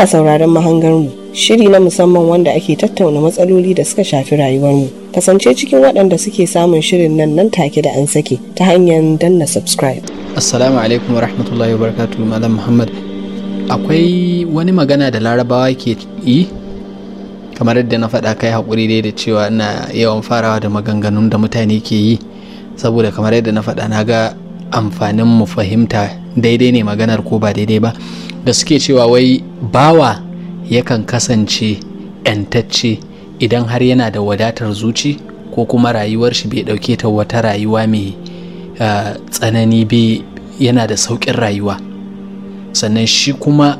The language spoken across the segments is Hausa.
Kuna sauraron mahangarmu, shiri na musamman wanda ake tattauna matsaloli da suka shafi rayuwarmu. Kasance cikin waɗanda suke samun shirin nan nan take da an sake ta hanyar danna subscribe. Assalamu alaikum wa rahmatullahi wa Malam Muhammad. Akwai wani magana da larabawa ke yi kamar yadda na faɗa kai haƙuri dai da cewa ina yawan farawa da maganganun da mutane ke yi saboda kamar yadda na faɗa na ga amfanin mu fahimta daidai ne maganar ko ba daidai ba. da suke cewa wai bawa yakan kasance 'yantacce idan har yana da wadatar zuci ko kuma rayuwar shi bai ɗauke ta wata rayuwa mai ah, tsanani bai yana da sauƙin rayuwa sannan shi kuma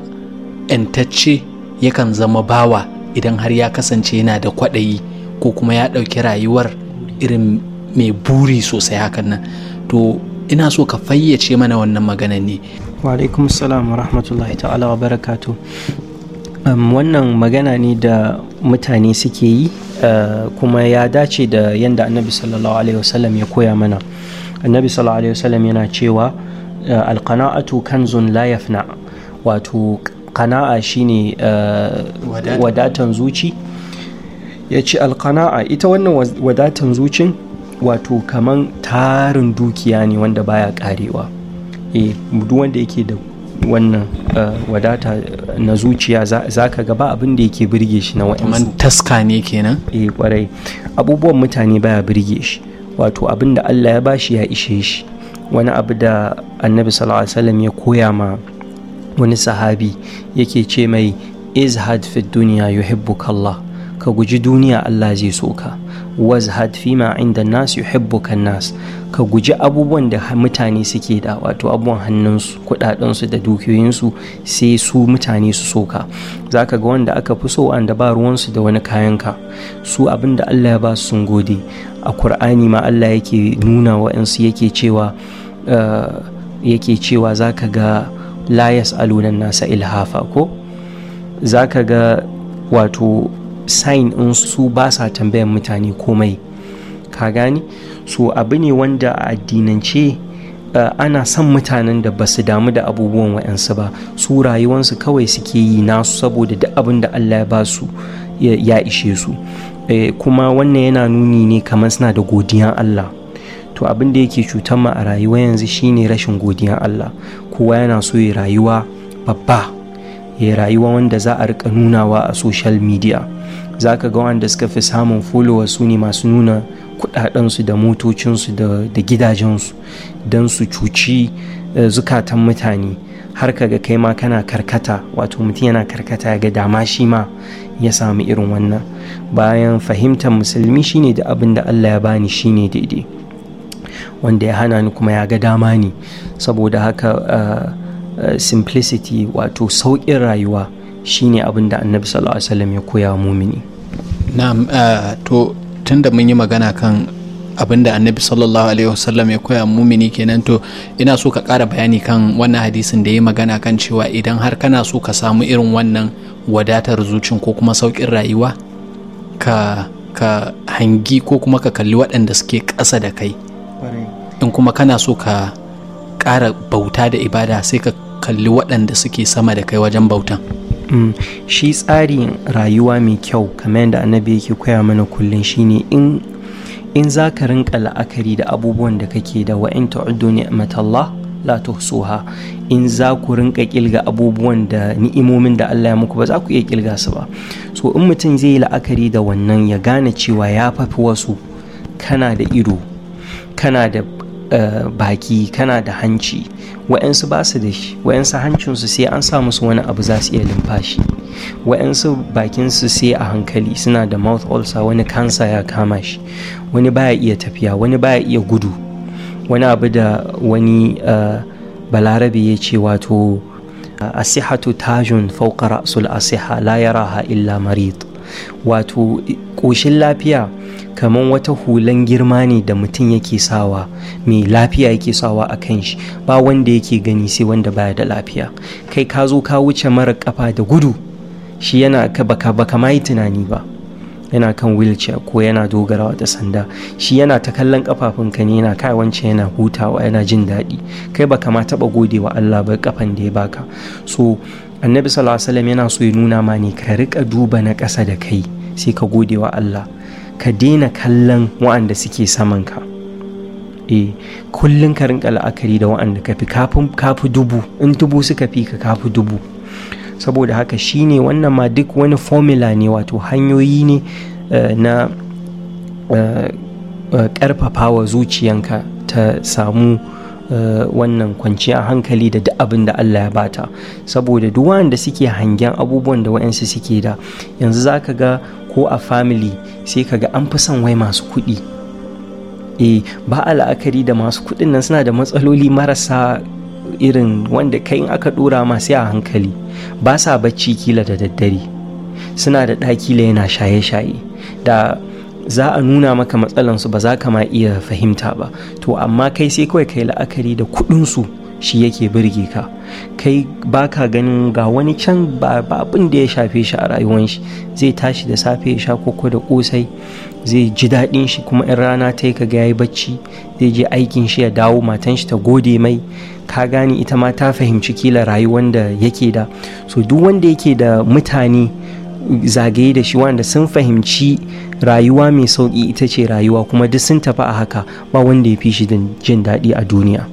'yantacce yakan zama bawa idan har ya kasance yana da kwaɗayi ko kuma ya ɗauki rayuwar irin mai buri sosai hakan nan to ina so ka fayyace mana wannan maganan ne wa alaikum salam wa rahmatullahi ta'ala wa barakatu wannan magana ne da mutane suke yi uh, kuma ya dace da yadda annabi sallallahu alaihi wasallam ya koya mana annabi sallallahu alaihi wasallam yana cewa uh, alqana'atu kanzun la yafna wato qana'a shine uh, wadatan zuci ya ce alqana'a ita wannan wadatan zucin wato kaman tarin dukiya ne wanda baya karewa Eh duk wanda yake da wannan eh, wadata eh, na zuciya za ka gaba abin da yake birge shi na wa'ansu taska ne kenan Eh kwarai abubuwan mutane baya birge shi wato abin da Allah ya bashi ya ishe shi wani abu da annabi sallallahu alaihi wasallam ya koya ma wani sahabi yake ce mai izhad fi duniya yuhibbuka Allah ka guji duniya Allah zai so ka wazhad fima inda nas kan nas ka guji abubuwan da mutane suke da wato abubuwan hannunsu kudadensu da dukiyoyinsu sai su mutane su soka zaka ga wanda aka fi so wanda ba ruwansu da wani kayanka su abin da Allah ya ba su sun gode a Kur'ani ma Allah yake nuna wa yake cewa eh, yake cewa zaka ga la yas'aluna nasa ilhafa ko zaka ga wato sign in su ba sa tambayan mutane komai ka gani so abu ne wanda a addinance uh, ana son mutanen da ba su damu da abubuwan wa'yansu ba su rayuwansu kawai suke yi nasu saboda duk abin da allah ya ba su ya ishe su eh, kuma wannan yana nuni ne kamar suna da godiyan allah to abin da yake cutar ma a rayuwa yanzu shine rashin godiyan allah kowa yana so ya rayuwa babba ya rayuwa wanda za a rika nunawa a social media za ka ga wanda suka fi samun followers su ne masu nuna kudadensu da motocinsu da gidajensu don su cuci eh, zukatan mutane har ka ga kai ma kana karkata wato mutum yana karkata ga dama shi ma ya samu irin wannan bayan fahimtar musulmi shine da abin da allah ya bani shine daidai wanda ya hana ni kuma ya ga dama ne saboda haka eh, Eh, simplicity wato sauƙin rayuwa shine abin da annabi sallallahu alaihi wasallam ya koya mumini na eh, to tunda mun yi magana kan abin da annabi sallallahu alaihi wasallam ya koya mumini kenan to ina so ka kara bayani kan wannan hadisin da ya magana kan cewa idan har kana so ka samu irin wannan wadatar zucin ko kuma sauƙin rayuwa ka ka hangi ko kuma ka kalli waɗanda suke ƙasa da kai in kuma kana so ka ƙara bauta da ibada sai ka kalli waɗanda suke sama da kai wajen bautan mm. shi tsarin rayuwa mai kyau kamar yadda annabi yake koya mana kullum shine in in za ka rinka la'akari da abubuwan da kake da wa in ta'uddu ni'matallah la tuhsuha in za ku rinka kilga abubuwan da ni'imomin da Allah ya muku ba za ku iya kilga su ba so in mutum zai yi la'akari da wannan ya gane cewa ya fafi wasu kana da ido kana da Eh, baki kana da hanci wa'yansu ba su da shi wa'yansu hancinsu sai an sa musu wani abu za su iya shi. wa'yansu bakinsu sai a hankali suna da mouth ulcer wani kansa ya kama shi wani baya iya tafiya wani baya iya gudu wani abu da wani eh, balarabe ya ce wato asihatu tajun fauka ra'sul asiha la raha illa marid wato ƙoshin lafiya kamar wata hulan girma ne da mutum yake sawa mai lafiya yake sawa a kan shi ba wanda yake gani sai wanda baya da lafiya kai ka zo ka wuce mara kafa da gudu shi yana baka baka ma yi tunani ba yana kan wheelchair ko yana dogarawa da sanda shi yana ta kallon ka ne yana kai wance yana hutawa yana jin daɗi kai baka ma taɓa gode wa Allah ba kafan da ya baka so annabi sallallahu yana so ya nuna ma ne ka rika duba na ƙasa da kai sai ka gode wa Allah ka daina kallon wa'anda suke saman eh, ka eh kullun ka rinka la'akari da wa'anda ka fi kafi dubu in dubu suka fi ka kafi dubu saboda haka shine wannan ma duk wani formula ne wato hanyoyi ne eh, na eh, ƙarfafa wa zuciyanka ta samu Eh, wannan kwanciyar hankali da duk abin da Allah ya bata saboda duk wanda suke hangen abubuwan da wa'yansu suke da yanzu za ka ga ko a family sai ka ga an fi son wai masu kuɗi e ba la'akari da masu kuɗin nan suna da matsaloli marasa irin wanda kai in aka ɗora ma sai a hankali ba sa bacci kila da daddare suna da ɗaki yana shaye-shaye da za a nuna maka matsalansu ba za ka ma iya fahimta ba to amma kai sai kawai kai la'akari da kuɗinsu shi yake birge ka kai baka ganin ga wani can ba abin da ya shafe shi a rayuwar shi zai tashi da safe ya sha koko da kosai zai ji daɗin shi kuma in rana ta yi kaga yayi bacci zai je aikin shi ya dawo matan shi ta gode mai ka gane ita ma ta fahimci kila rayuwar da yake da so duk wanda yake da mutane zagaye da shi wanda sun fahimci rayuwa mai sauƙi ita ce rayuwa kuma duk sun tafi a haka ba wanda ya fi shi jin daɗi a duniya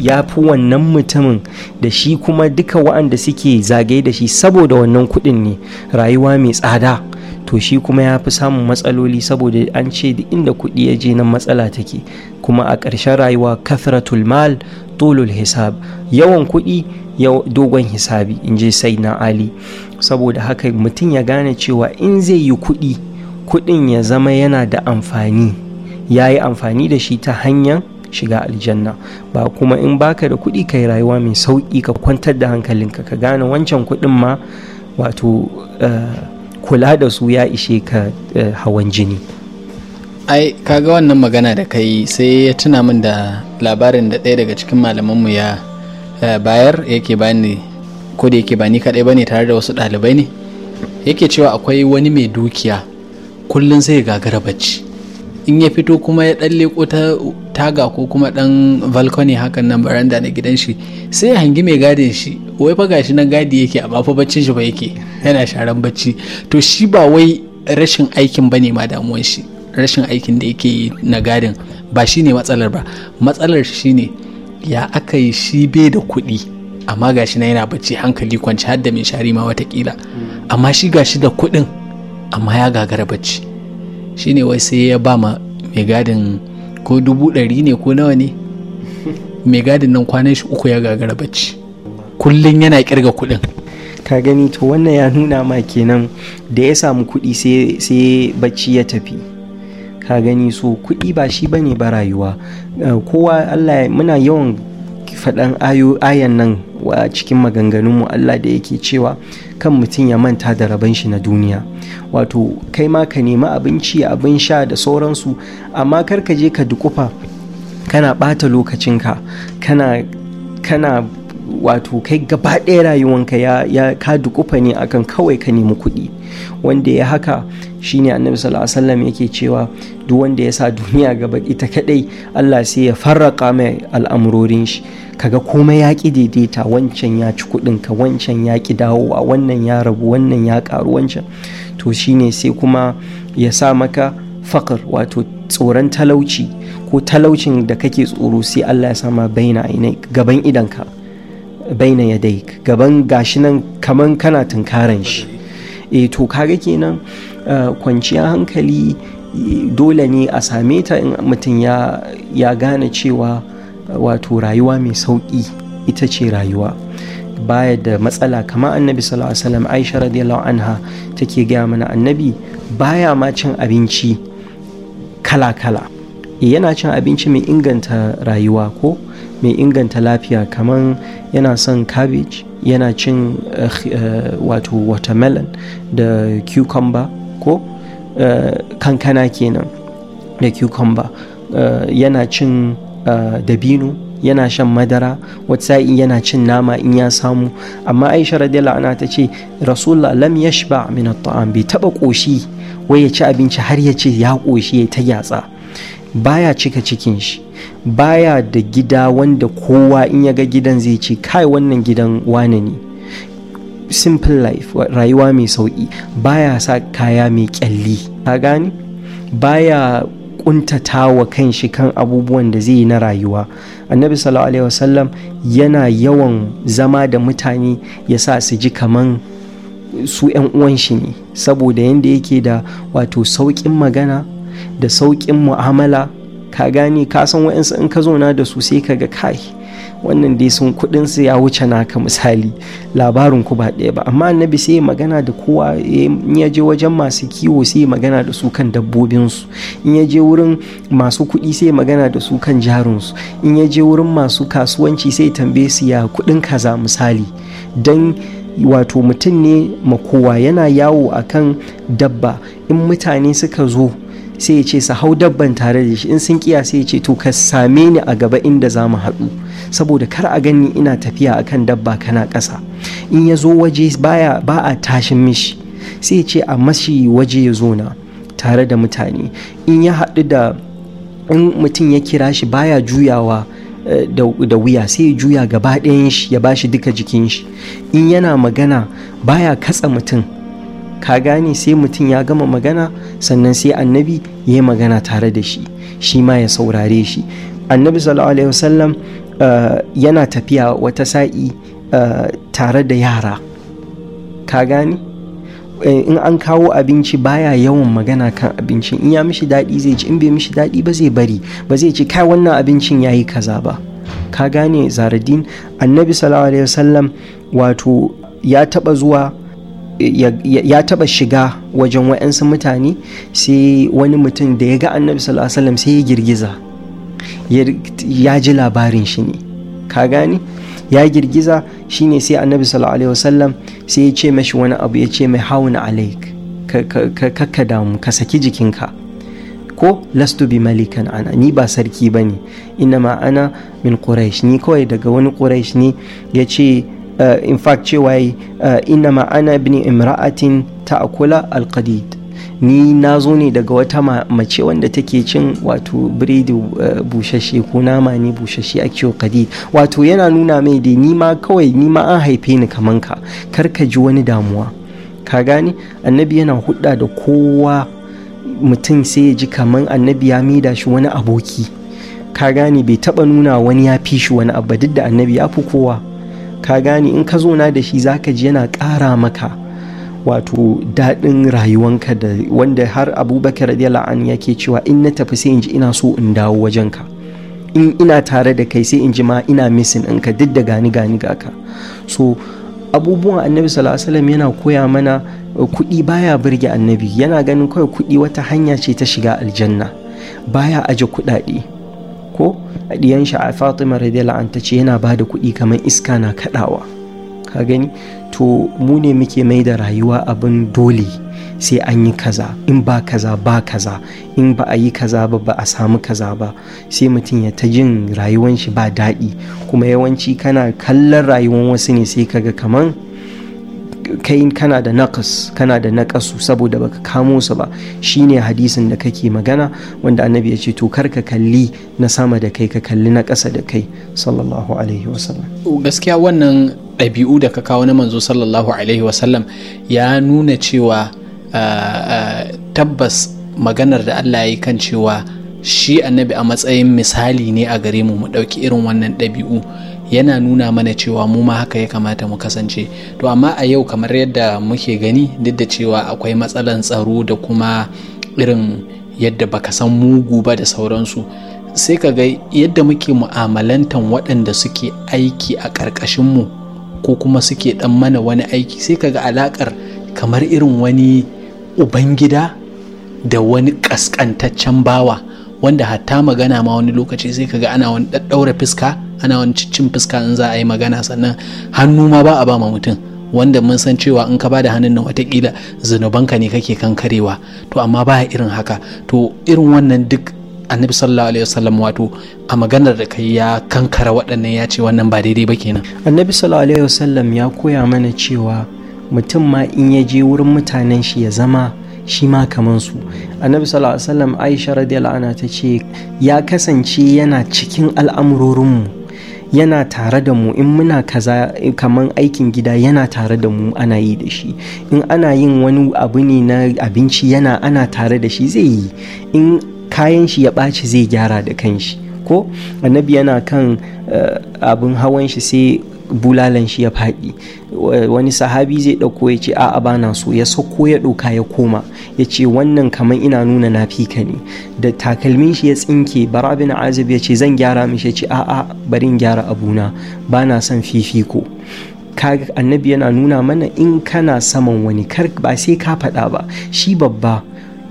ya fi wannan mutumin da shi kuma duka wa'anda suke zagaye da shi saboda wannan kuɗin ne rayuwa mai tsada to shi kuma ya fi samun matsaloli saboda an ce da inda kuɗi ya je nan matsala take kuma a ƙarshen rayuwa kathratul mal tolul hisab yawan kuɗi yau dogon hisabi in je sai na ali saboda haka mutum ya gane cewa in zai yi kuɗi kuɗin ya zama yana da amfani ya yi amfani da shi ta hanyar shiga aljanna ba kuma in baka da kuɗi yi rayuwa mai sauki ka kwantar da hankalinka ka gane wancan kuɗin ma wato eh, kula da su ya ishe ka eh, hawan jini ai kaga wannan magana da kai sai ya tuna min da labarin da ɗaya daga cikin malamanmu ya Eh, bayar yake bani ko da yake ba ni kaɗai ba ne tare da wasu ɗalibai ne yake cewa akwai wani mai dukiya kullum sai gagara bacci in ya fito kuma ya ɗan leko ta taga ko kuma ɗan balkoni hakan nan baranda na gidan shi sai ya hangi mai gadin shi wai fa gashi nan gadi yake a bafa baccin shi ba yake yana sharan bacci to shi ba wai rashin aikin bane ma damuwan shi rashin aikin da yake yi na gadin ba shine matsalar ba matsalar shine ne ya aka yi shi bai da kuɗi amma gashi na yana bacci hankali kwanci har da min shari ma watakila amma shi gashi da kuɗin amma ya gagara bacci Shi ne wai sai ya ba ma mai gadin ko dubu ɗari ne ko nawa ne mai gadin nan kwanan shi uku ya gagara bacci kullum yana kirga kuɗin ka gani to wannan ya nuna ma kenan da ya samu kuɗi sai bacci ya tafi ka gani so kuɗi ba shi ne ba rayuwa eh, kowa Allah muna yawan faɗan ayan nan a cikin maganganunmu Allah da yake cewa kan mutum ya manta da rabon shi na duniya wato kai ma ka nemi abinci abin sha da sauransu amma kar ka je ka dukufa kana ɓata lokacinka kana kana wato kai gaba ɗaya rayuwanka ya ka dukufa ne akan kawai ka nemi kuɗi wanda ya haka shine annabi sallallahu alaihi wasallam yake cewa duk wanda ya sa duniya gaba ita kadai Allah sai ya farraka mai al'amurorin shi kaga komai ya ki daidaita wancan ya ci kudin ka wancan ya ki dawowa wannan ya rabu wannan ya karu wancan to shine sai kuma ya sa maka fakar wato tsoron talauci ko talaucin da kake tsoro sai Allah ya sama baina gaban idanka baina yadai gaban gashi nan kaman kana tunkaran shi e to kaga kenan Eh, kwanciyar hankali dole ne a same ta in mutum ya gane cewa wato rayuwa mai sauƙi ita ce rayuwa baya da matsala kama annabi sallallahu alaihi wasallam aisha radiyallahu anha take gaya mana annabi baya ma cin abinci kala-kala eh, yana cin abinci mai inganta rayuwa ko mai inganta lafiya kamar yana son cabbage yana cin eh, wato watermelon da cucumber ko eh, kankana kenan da cucumber eh, yana cin eh, dabino yana shan madara wata sa'i yana cin nama in ya samu amma aisha radiyallahu ana ta ce rasulullah lam yashba min at-ta'am bai taba koshi wai ya ci abinci har ya ce ya koshi ya ta yatsa baya cika cikin shi baya da gida wanda kowa in ya ga gidan zai ce kai wannan gidan wane ne simple life rayuwa mai sauƙi baya sa kaya mai ƙyalli. ka gani baya kuntata wa kan shi kan abubuwan da zai yi na rayuwa annabi sallallahu alaihi wasallam yana yawan zama da mutane ya sa su ji kaman su 'yan uwan shi ne saboda yadda yake da wato sauƙin magana da sauƙin mu'amala ka gane ka san wa'ansu in ka zauna da su sai ka ga kai wannan dai sun kudin su ya wuce naka misali labarin ku ba ɗaya ba amma annabi sai magana da kowa in ya je wajen masu kiwo sai magana da su kan dabbobinsu in ya je wurin masu kuɗi sai magana da su kan jarinsu in ya je wurin masu kasuwanci sai tambaye su ya kudin kaza misali don wato mutum ne makowa yana yawo akan dabba in mutane suka zo sai ya ce su hau dabban tare da shi in sun kiya sai ya ce to ka same ni a gaba inda za mu haɗu saboda kar a gani ina tafiya akan dabba kana ƙasa in ya zo waje baya ba a tashin mishi sai ya ce a mashi waje ya zo na tare da mutane in ya haɗu da in mutum ya kira shi baya juyawa eh, da wuya sai ya juya gaba ɗayan shi ya bashi duka jikin shi in yana magana baya katsa mutum ka gane sai mutum ya gama magana sannan sai annabi ya yi magana tare da shi shi ma ya saurare shi annabi sallallahu alaihi eh, yana tafiya wata sa'i eh, tare da yara ka gane eh, in an kawo abinci baya yawan magana kan abincin in ya mishi daɗi zai ci in bai mishi daɗi ba zai bari ba zai ci kai wannan abincin ya yi kaza ba ka gane zaradin annabi sallallahu alaihi wasallam wato ya taɓa zuwa ya taba shiga wajen wa'yansu mutane sai wani mutum da ya ga annabi sallallahu alaihi wasallam sai ya girgiza ya ji labarin shi ne ka gani ya girgiza ne sai annabi sallallahu alaihi wasallam sai ya ce mashi wani abu ya ce mai hauna alaik ka damu ka saki jikinka ko lastu bi malikan ana ni ba sarki ba bane ma ana min quraish ni kawai daga wani quraish ne ya ce Eh, in fact cewa yi eh, ina ma'ana ibni imra'atin ta akula alkadid ni na zo ne daga wata mace wanda take cin wato biredi eh, bushashe ko nama ne bushashe a kiwo kadid wato yana nuna mai da ni ma kawai ni ma an haife ni kaman ka kar ka ji wani damuwa ka gani annabi yana hudda da kowa mutum sai ya ji kaman annabi ya mida shi wani aboki ka gane bai taba nuna wani ya fi shi wani abu duk da annabi ya fi kowa ka gane in ka zo na da shi zaka ji yana ƙara maka wato daɗin rayuwanka da wanda har abubakar radiyallahu an yake cewa in na tafi sai in ji ina so in dawo wajen ka. in ina tare da kai sai in ji ma ina misin in ka duk da gani gani ga ka so abubuwan annabi sallallahu yana koya mana uh, kuɗi baya birge annabi yana ganin kawai kuɗi wata hanya ce ta shiga aljanna baya aje kuɗaɗe ko a diyan shi a fatima radiyallahu an ce yana ba da kuɗi kamar iska na kaɗawa ka gani to mu ne muke mai da rayuwa abin dole sai an yi kaza in ba kaza ba kaza in ba a yi kaza ba ba a samu kaza ba sai mutum ya ta jin rayuwan shi ba daɗi kuma yawanci kana kallon rayuwar wasu ne sai kaga kaman kai kana da naqas kana da naqasu saboda baka kamo su ba shine hadisin da kake magana wanda annabi ya ce to kar ka kalli na sama da kai ka kalli na ƙasa da kai sallallahu alaihi wasallam gaskiya wannan ɗabi'u da ka kawo na manzo sallallahu alaihi wasallam ya nuna cewa ah, ah, tabbas maganar da Allah ya kan cewa shi annabi a matsayin misali ne a gare mu mu ɗauki irin wannan ɗabi'u yana nuna mana cewa mu ma haka ya kamata mu kasance to amma a yau kamar yadda muke gani duk da cewa akwai matsalan tsaro da kuma irin yadda baka san mugu ba da sauransu sai ka ga yadda muke mu'amalantan waɗanda suke aiki a ƙarƙashin mu ko kuma suke ɗan mana wani aiki sai ka ga alaƙar kamar irin wani ubangida da wani ƙasƙantaccen bawa wanda hatta magana ma wani lokaci sai ka ga ana wani ɗaɗɗaura fuska ana wani cin fuska in za a yi magana sannan hannu ma ba a ba ma mutum wanda mun san cewa in ka ba da hannun nan watakila zunubanka ne kake karewa to amma ba irin haka to irin wannan duk annabi sallallahu alaihi wasallam wato a maganar da kai ya kankara waɗannan ya ce wannan ba daidai ba kenan annabi sallallahu alaihi wasallam ya koya mana cewa mutum ma in ya je wurin mutanen shi ya zama shi ma kaman su annabi sallallahu alaihi wasallam aisha radiyallahu anha ta ce ya kasance yana cikin al'amurorinmu yana tare da mu in muna kaza kaman aikin gida yana tare da mu ana yi da shi in ana yin wani abu ne na abinci yana ana tare da shi zai yi in kayan shi ya ɓaci zai gyara da kanshi ko annabi yana kan eh, abin hawan shi sai bulalan shi ya faɗi wani sahabi zai ɗauko ya ce a'a bana so ya sauko ya ɗauka ya koma ya ce wannan kamar ina nuna na fika ne da takalmin shi ya tsinke barabin azab azib ya ce zan gyara mishi ya ce a'a barin gyara gyara abuna bana son fifiko kaga annabi yana nuna mana in kana saman wani kar ba sai ka faɗa ba shi babba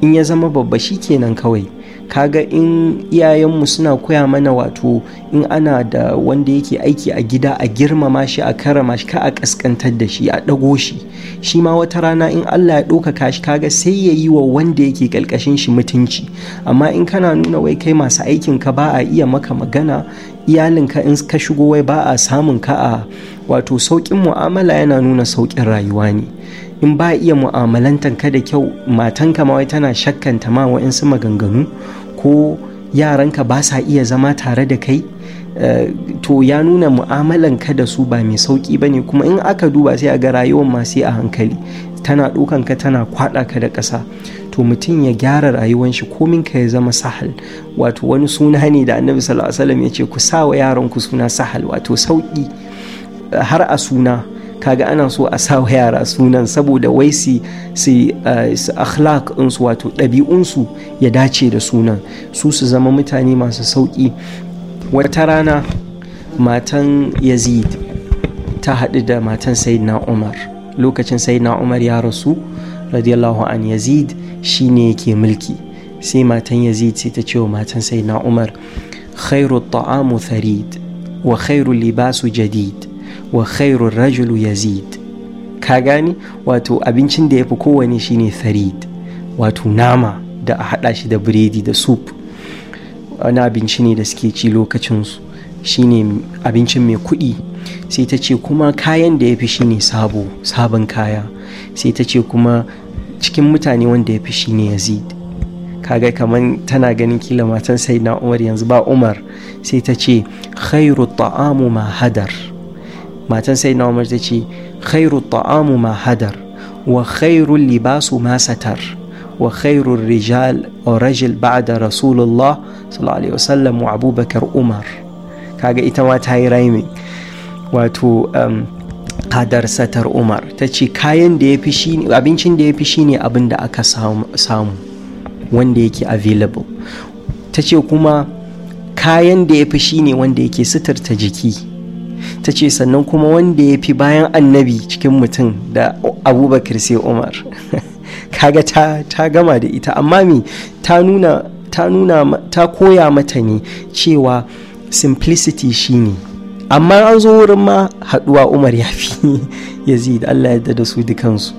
in ya zama babba shi kenan kawai kaga in iyayenmu suna koya mana wato in ana da wanda yake aiki a gida a girmama shi a karama shi ka a kaskantar da shi a ɗago shi shi ma wata rana in Allah ya ɗaukaka shi kaga sai ya yi wa wanda yake ƙalƙashin shi mutunci amma in kana nuna wai kai masu aikin ka ba a iya maka magana iyalinka in ka shigo wai ba a samun ka a wato sauƙin mu'amala yana nuna sauƙin rayuwa ne in ba iya ka da kyau matanka ma wai tana shakkanta ma wa'insu maganganu ko yaranka ba sa iya zama tare da kai eh, to ya nuna mu'amalan ka da su ba mai sauƙi ba ne kuma in aka duba sai a ga rayuwar masu a hankali tana ka tana kwaɗa ka da ƙasa to mutum ya gyara rayuwar shi komin ka ya zama sahal wato wani suna ne da annabi sallallahu alaihi wasallam ya ce ku sa wa yaranku suna sahal wato sauƙi har a suna kaga ana so a sa yara sunan saboda wai su su eh, akhlaq su wato ɗabi'unsu ya dace da sunan su su zama mutane masu sauƙi wata rana matan yazid ta haɗu da matan sayyidina umar lokacin sayyidina umar ya rasu radiyallahu an yazid shine ke mulki sai matan yazid sai ta ce wa matan sayyidina umar khairu ta'amu tharid wa khairu libasu jadid wa khairun rajulu yazid ka gani wato abincin da ya fi kowane shine tharid wato nama da a haɗa shi da biredi da soup wani abinci ne da suke ci lokacinsu shine abincin mai kuɗi sai ta ce kuma kayan da ya fi shine sabo sabon kaya sai ta ce kuma cikin mutane wanda ya fi shine yazid kaga kamar tana ganin kila matan sai na umar yanzu ba umar sai ta ce khairu ta'amu ma hadar matan sai na umar ta ce khairu ta'amu ma hadar wa khairu libasu ma satar wa khairu rijal o rajul ba'da rasulullah sallallahu alaihi wasallam wa abubakar umar kaga ita ma ta yi wato hadar um, satar umar ta ce kayan da ya fi shi abincin da ya fi shi ne abin da aka samu wanda yake available ta ce kuma kayan da ya fi shi ne wanda yake suturta jiki ta ce sannan kuma wanda ya fi bayan annabi cikin mutum da abubakar sai umar kaga ta gama da ita amma me ta nuna ta koya mata ne cewa simplicity shine amma an zo wurin ma haduwa umar ya fi da allah yadda da su dukansu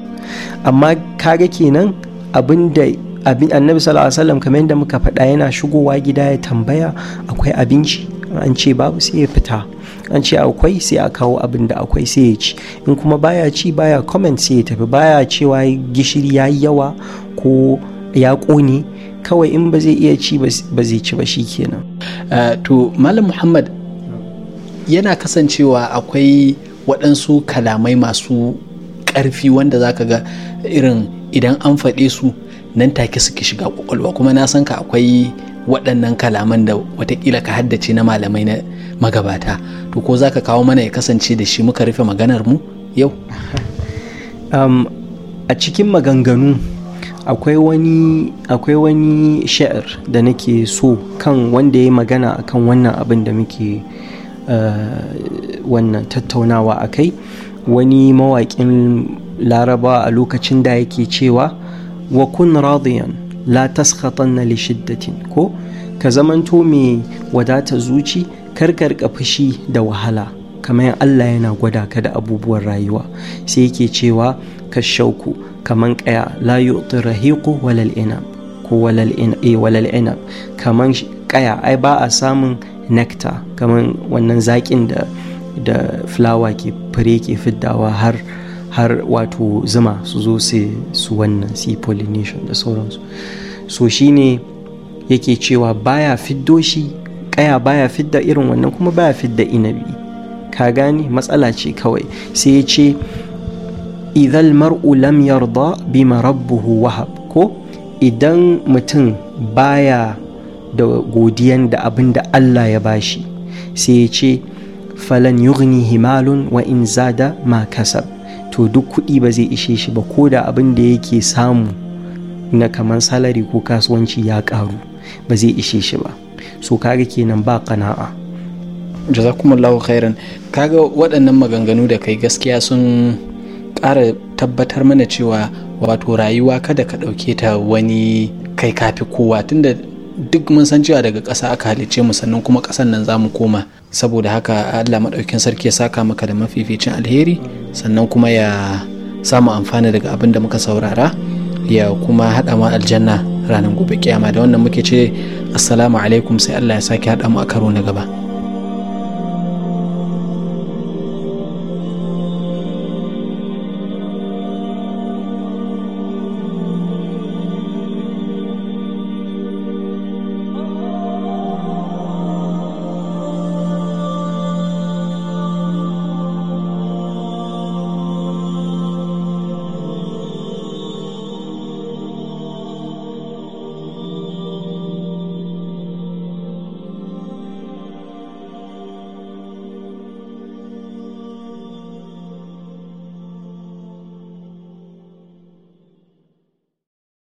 amma kaga kenan abinda abin annabi sallallahu alaihi kamar yadda muka faɗa yana shigowa gida ya tambaya akwai abinci an ce babu sai ya fita an ce akwai sai a kawo abin da akwai sai ya ci in kuma baya ci baya comment sai ya tafi baya cewa gishiri ya yi yawa ko ya ƙone kawai in ba zai iya ci ba zai ci ba shi kenan. Eh, to malam muhammad yana kasancewa akwai waɗansu kalamai masu ƙarfi wanda za ka ga irin idan an faɗe su nan take suke shiga ƙwaƙwalwa kuma na san ka akwai waɗannan kalaman da watakila ka haddace na malamai na magabata to ko za ka kawo mana ya kasance da shi muka rufe maganar mu yau um, a cikin maganganu akwai wani akwai sha'ir da nake so kan wanda ya yi magana akan wannan abin da muke uh, wannan tattaunawa a kai wani mawaƙin laraba a lokacin da yake cewa wa kun radiyan la taskhatan li shiddatin ko ka zamanto mai wadata zuci karkarka fushi da wahala kamar Allah yana gwada ka da abubuwan rayuwa sai yake cewa ka shauku kaman kaya la yu'ti rahiqu walal inab ko walal inab kaman kaya ai ba a samun nectar kaman wannan zakin da da fulawa ke fure ke fiddawa har har wato zuma su zo su wannan su pollination da sauransu so shi ne yake cewa baya fiddo shi kaya baya fidda irin wannan kuma baya fidda inabi ka gani matsala ce kawai sai ya ce idan mar'u lam yarda bi marabbuhu wahab ko idan mutum baya da godiyan da abin da Allah ya bashi sai ya ce falan yugni himalun wa in zada ma kasab to duk kuɗi ba zai ishe shi ba ko da abin da yake samu na kamar salari ko kasuwanci ya ƙaru ba zai ishe shi ba so kaga kenan ba kana'a jazakumullahu khairan kaga waɗannan maganganu da kai gaskiya sun ƙara tabbatar mana cewa wato rayuwa kada ka ɗauke ta wani kai kafi kowa tunda duk mun san cewa daga ƙasa aka halicce mu sannan kuma ƙasan nan za mu koma saboda haka Allah maɗaukin sarki ya saka maka da mafificin alheri sannan kuma ya samu amfani daga abin da muka saurara ya kuma haɗa mu aljanna ranar gobe kiyama da wannan muke ce assalamu alaikum sai Allah ya sake haɗa mu a karo na gaba